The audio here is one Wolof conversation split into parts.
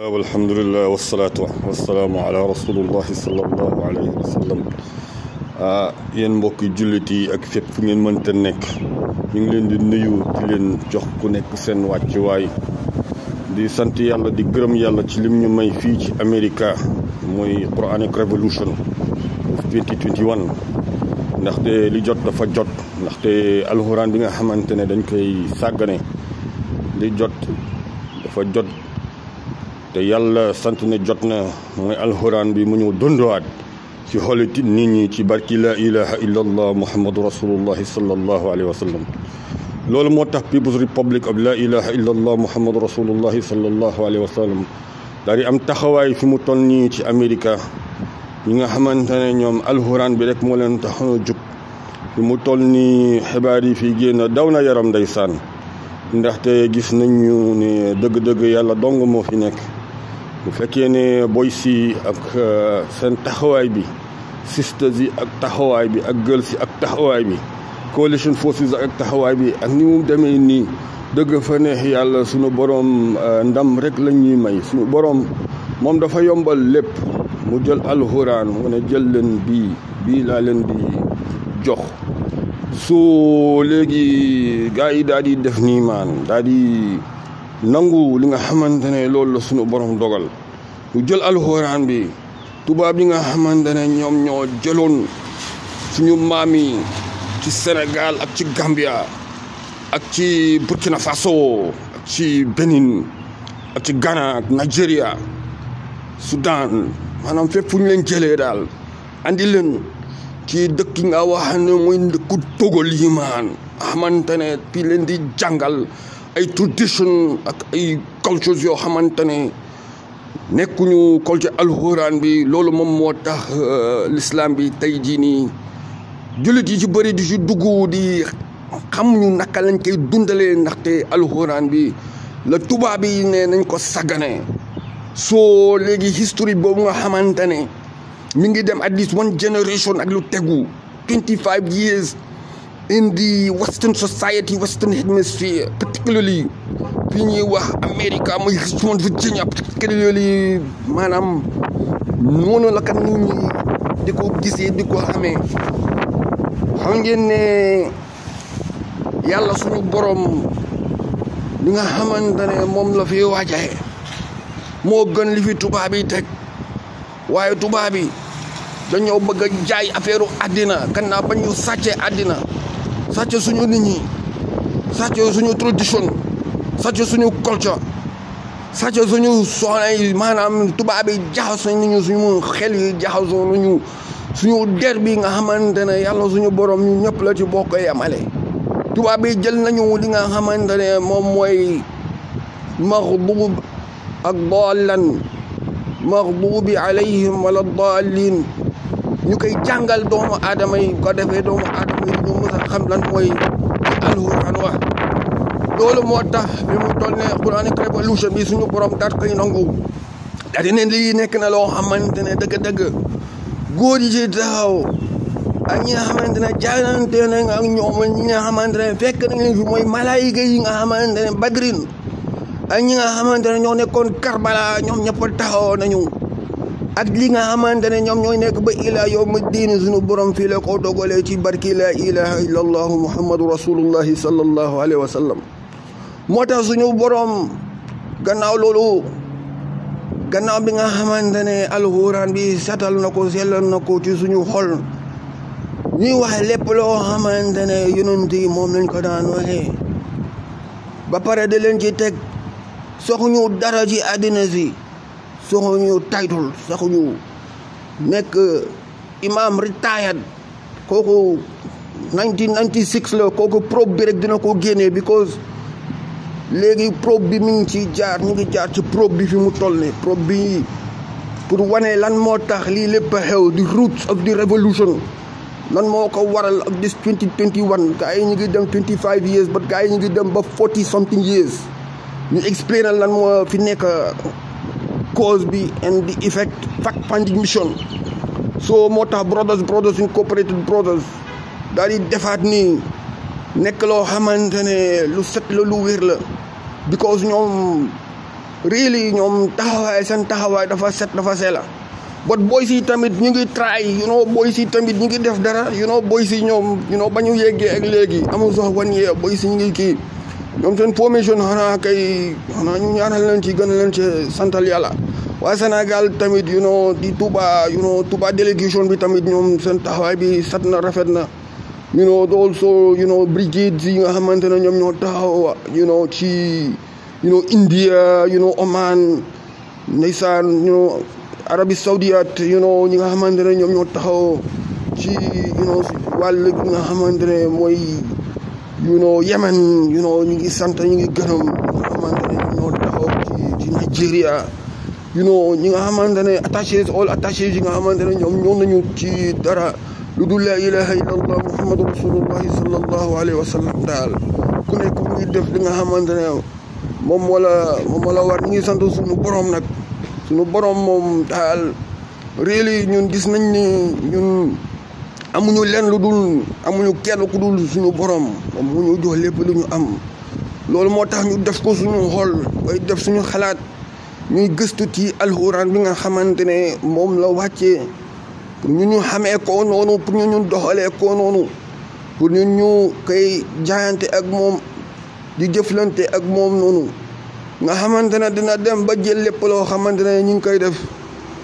alhamdulilah wasalaatu wasalaamu ala rasulullahi salallahu alayhi wa sallam ah, yéen mbokki jullit yi ak fépp fu ngeen mënta nekk ñu ngi leen di nuyu di leen jox ku nekk seen wàccuwaay di sant yàlla di gërëm yàlla ci lim ñu may fii ci America mooy Quranic Revolution of 2021 ndaxte li jot dafa jot ndaxte alxuraan bi nga xamante ne dañ koy sàggane li jot jot te yàlla sant ne jot na mooy alxuraan bi mu ñëw dunduwaat ci xooli nit ñi ci barki la ilaha illa allah muhammadu rasulullahi sallallahu alayhi wa sallam loolu moo tax People's Republic of la ilaha illa allah muhammadu rasulullahi sallallahu alayhi wa sallam daal di am taxawaay fi mu toll nii ci Amérique ñi nga xamante ne ñoom alxuraan bi rek moo leen taxoon a jug fi mu toll nii xibaar yi fii génn daw na yaram ndeysaan ndaxte gis nañu ne dëgg yàlla dong moo fi nekk bu fekkee ne boy si ak euh, seen taxawaay bi sisters yi ak taxawaay bi ak girls si ak taxawaay bi coalition forces ak taxawaay bi ak ni mu demee nii dëgg fa neex yàlla sunu borom euh, ndam rek la ñuy may sunu borom moom dafa yombal lépp mu jël alxuraan mu ne jël leen bii bii laa leen jox su léegi gars yi daal di def nii maan di nangu li nga xamante ne loolu la sunu borom dogal ñu jël alxuraan bi tubaab yi nga xamante ne ñoom ñoo jëloon suñu maam yi ci Sénégal ak ci Gambia ak ci Burkina Faso ak ci Benin ak ci gana ak Nigeria Soudan maanaam fépp fu leen jëlee daal andi leen ci dëkk yi nga wax ne mooy dëkku togal yi maan xamante ne fii leen di jàngal ay tradition ak ay cultures yoo xamante ne nekkuñu culture alxuraan bi loolu moom moo tax euh, l'islam bi tey jii nii jullit yi ci bëri di ci dugg di xam ñu naka lañ koy dundalee ndaxte alxuraan bi la tubaab yi ne nañ ko saggane soo léegi history boobu nga xamante ne mi ngi dem at least one generation ak lu tegu 25 years in the western society western hemisphere particularly fii ñuy wax America muy Richmond Virginia particularly maanaam noonu la ka nit di ko gisee di ko xamee xam ngeen ne yàlla suñu borom li nga xamante ne moom la fi waajaye moo gën li fi tubaab yi teg waaye tubaab yi dañoo bëgg a jaay affaire u àddina gannaaw ba ñu sàccee àddina sàcc suñu nit ñi sàcc suñu tradition sàcc suñu culture sàcc suñu soxna yi maanaam tubaab yi jaxasoo nañu suñu xel yi jaxasoo nañu suñu der nga xamante ne yàlla suñu borom ñu ñëpp la ci bokk yemale tubaab yi jël nañu li nga xamante ne moom mooy maxduub ak doolan maxduubi alayhim wala daalin ñu koy jàngal doomu aadama yi ko defee doomu aadama nit ñi mës a xam lan mooy alxuraan wax loolu moo tax fi mu toll ne Quranic Revolution bi suñu borom daat koy nangu daal di ne nekk na loo xamante ne dëgg-dëgg góor yi ci taxaw ak xamante ne jaanante nañ ñoom ñi xamante ne fekk nañ leen fi mooy malaayika yi nga xamante ne badrin ak xamante ne ñoo nekkoon Karbala ñoom ñëpp taxaw nañu ak li nga xamante ne ñoom ñooy nekk ba ilaa yowma diin sunu borom fii la ko ci barki laa ilaha illa allahu muhammadu rasulullahi sallallahu alayhi wa moo tax suñu borom gannaaw loolu gannaaw bi nga xamante ne alxuraan bi setal na ko sellal na ko ci suñu xol ñuy wax lépp loo xamante ne yonent yi moom lañ ko daan waxee ba pare leen ci teg soxuñu dara ci àddina si soxuñu taytul saxuñu nekk imam retired kooku 1996 la kooku probe bi rek dina ko génnee because léegi probe bi mu ngi ci jaar ñu ngi jaar ci probe bi fi mu toll ne probe bi pour wane lan moo tax lii lépp a xew di roots of the revolution lan moo ko waral ak this 2021 gars yi ñu ngi dem 25 years ba kay yi ñu ngi dem ba 40 something years ñu explainal lan moo fi nekk cause bi and the effect fact finding mission so moo tax brothers brothers incorporated brothers daal di defaat nii nekk loo xamante ne lu set la lu wér la because ñoom really ñoom taxawaay seen taxawaay dafa set dafa seela but boy si tamit ñu ngi try you know boy si tamit ñu ngi def dara you know boy si ñoom you know ba ñu ak léegi amul sax wan yee boy si ñu ngi kii ñoom seen premier jeune xanaa kay xanaa ñu ñaanal leen ci gën a leen ci santal yàlla waa Sénégal tamit you know di tubaa you know Touba délégation bi tamit ñoom seen taxawaay bi sat na rafet na you know also you know brigade yi nga xamante ne ñoom ñoo taxaw yu know ci you know India you know Oman ndeysaan you know Arabie Saoudite you know ñi nga xamante ne ñoom ñoo taxaw ci you know wàll gi nga xamante ne mooy you know Yemen you know ñu ngi sant ñu ngi gërëm nga xamante ne ñoo taxaw ci Nigeria you know ñi nga xamante ne attaché all attaché yi nga xamante ne ñoom ñoo nañu ci dara lu dul la ilaha illa allah muhammadu rasulullahi sallallahu alayhi wa sallam ku nekk mu ngi def li nga xamante ne moom wala moom wala war ñu ngi sant suñu borom nag suñu borom moom daal really ñun gis nañ ni amuñu lenn lu dul amuñu kenn ku dul suñu borom moom mu ñu jox lépp lu ñu am loolu moo tax ñu def ko suñu xol bay def suñu xalaat ñuy gëstu ci alxuraan bi nga xamante ne moom la wàccee pour ñu ñu xamee ko noonu pour ñu ñu doxalee ko noonu pour ñu ñu koy jaayante ak moom di jëflante ak moom noonu nga xamante ne dina dem ba jël lépp loo xamante ne ñu ngi koy def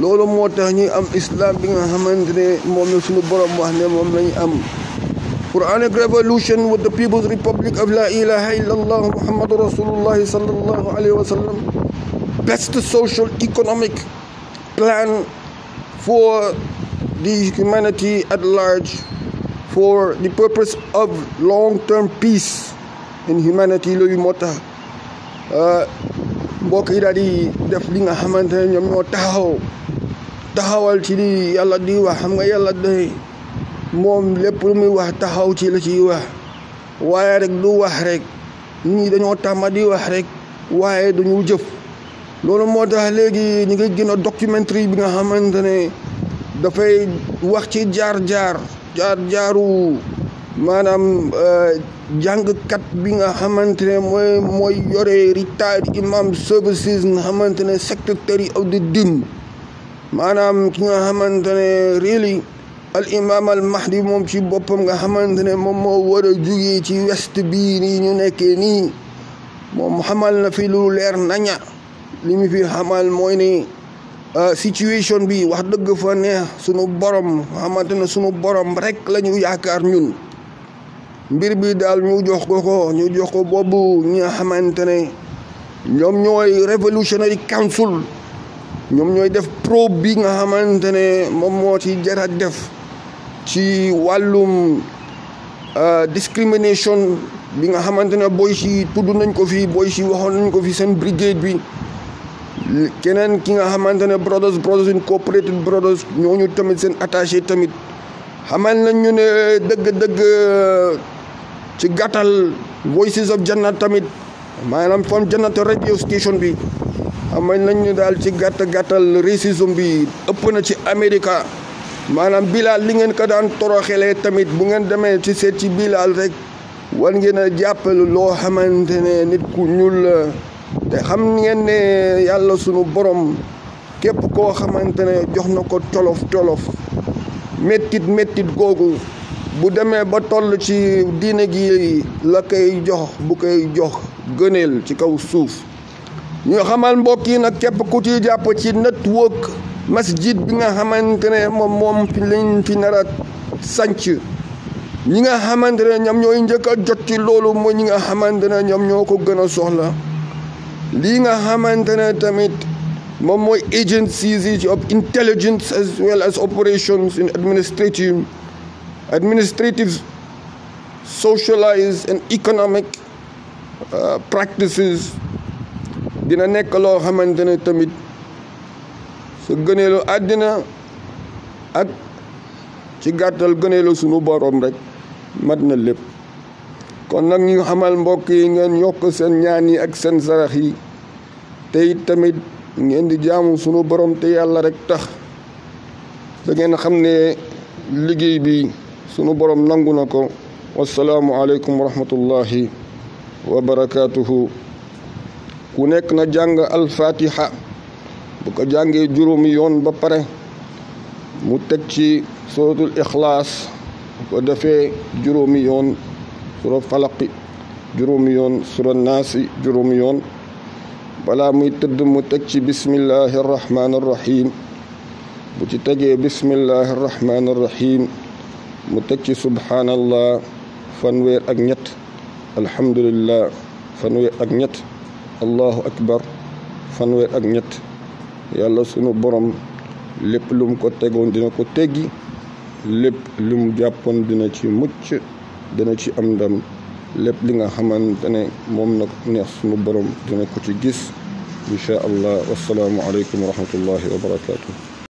loolu moo tax ñuy am islam bi nga xamante ne moom suñu borom wax ne moom lañu am Quranic revolution with the People's Republic of La ilaha illallah Muhammadu Rasulullah sallallahu alayhi social economic plan for the humanity at large for the purpose of long-term peace in humanity loolu moo tax uh, mbokk yi daal di def li nga xamante ne ñoom ñoo taxaw taxawal ci li yàlla di wax xam nga yàlla day moom lépp lu muy wax taxaw ci la ciy wax waaye rek du wax rek nit ñi dañoo tàmma di wax rek waaye duñu jëf loolu moo tax léegi ñu ngi gën a documentary bi nga xamante ne dafay wax ci jaar-jaar jaar-jaaru maanaam euh, kat bi nga xamante ne mooy mooy yore retired imam services nga xamante ne secretary of the din maanaam ki nga xamante ne really al imam al mahdi moom ci boppam nga xamante ne moom moo war a jugee ci west bi nii ñu nekkee nii moom xamal na fi lu leer naña li mu fi xamal mooy ni euh, situation bi wax dëgg fa neex sunu borom xamante ne sunu borom rek la ñu yaakaar ñun mbir bi daal ñu jox ko ko ñu jox ko boobu ñi nga xamante ne ñoom ñooy Revolutionary Council ñoom ñooy def probe bi nga xamante ne moom moo ci jaraat def ci wàllum euh, discrimination bi nga xamante ne booy si tudd nañ ko fi booy si waxoon nañ ko fi seen brigade bi keneen ki nga xamante ne brothers brothers in cooperative brothers ñooñu tamit seen attaché tamit xamal nañ ñu ne dëgg-dëgg ci gàttal voices of jannat tamit maanaam fam jannat radio station bi xamal nañu daal ci gàtt gàttal racisme bi ëpp na ci Amérique maanaam bilaal li ngeen ko daan toroxelee tamit bu ngeen demee ci seet ci Bilal rek war ngeen a jàppale loo xamante ne nit ku ñuul la te xam ngeen ne yàlla sunu borom képp koo xamante ne jox na ko tolof tolof méttit méttit googu bu demee ba toll ci diine gi la koy jox bu koy jox gëneel ci kaw suuf. ñu xamal mbokk yi nag képp ku ci jàpp ci network masjid bi nga xamante ne moom moom fi lañ fi nar a ñi nga xamante ne ñoom ñooy njëkk a jot ci loolu mooy ñi nga xamante ne ñoom ñoo ko gën a soxla lii nga xamante ne tamit moom mooy agencies yi of intelligence as well as operations in administrative administrative socialized and economic uh, practices dina nekk loo xamante ne tamit su gëneelu àddina ak ci gàttal gëneelu sunu boroom rekk mat na lépp kon nag ñu xamal mbokk yi ngeen yokk seen ñaan yi ak seen sarax yi te tamit ngeen di jaamu sunu borom te yàlla rek tax da ngeen xam ne liggéey bi sunu boroom nangu na ko salaamu aleykum wa rahmatullahi wa barakaatuhu ku nekk na jàng alfatiha bu ko jàngee juróomi yoon ba pare mu teg ci suratul ixlaas bu ko defee juróomi yoon sura falaqi juróomi yoon naasi juróomi yoon balaa muy tëdd mu teg ci bismillahi arrahmaani arrahim bu ci tegee bismillahi arrahmaani mu teg ci subhaanallah fanweer ak ñett alhamdulillah fanweer ak ñett allahu akbar fanweer ak ñett yàlla sunu borom lépp lum ko tegoon dina ko teggi lépp lu mu jàppoon dina ci mucc dina ci am ndam lépp li nga xamante ne moom na neex sunu borom dina ko ci gis incha allah wasalaamu aleykum wa rahmatullahi wa barakatuh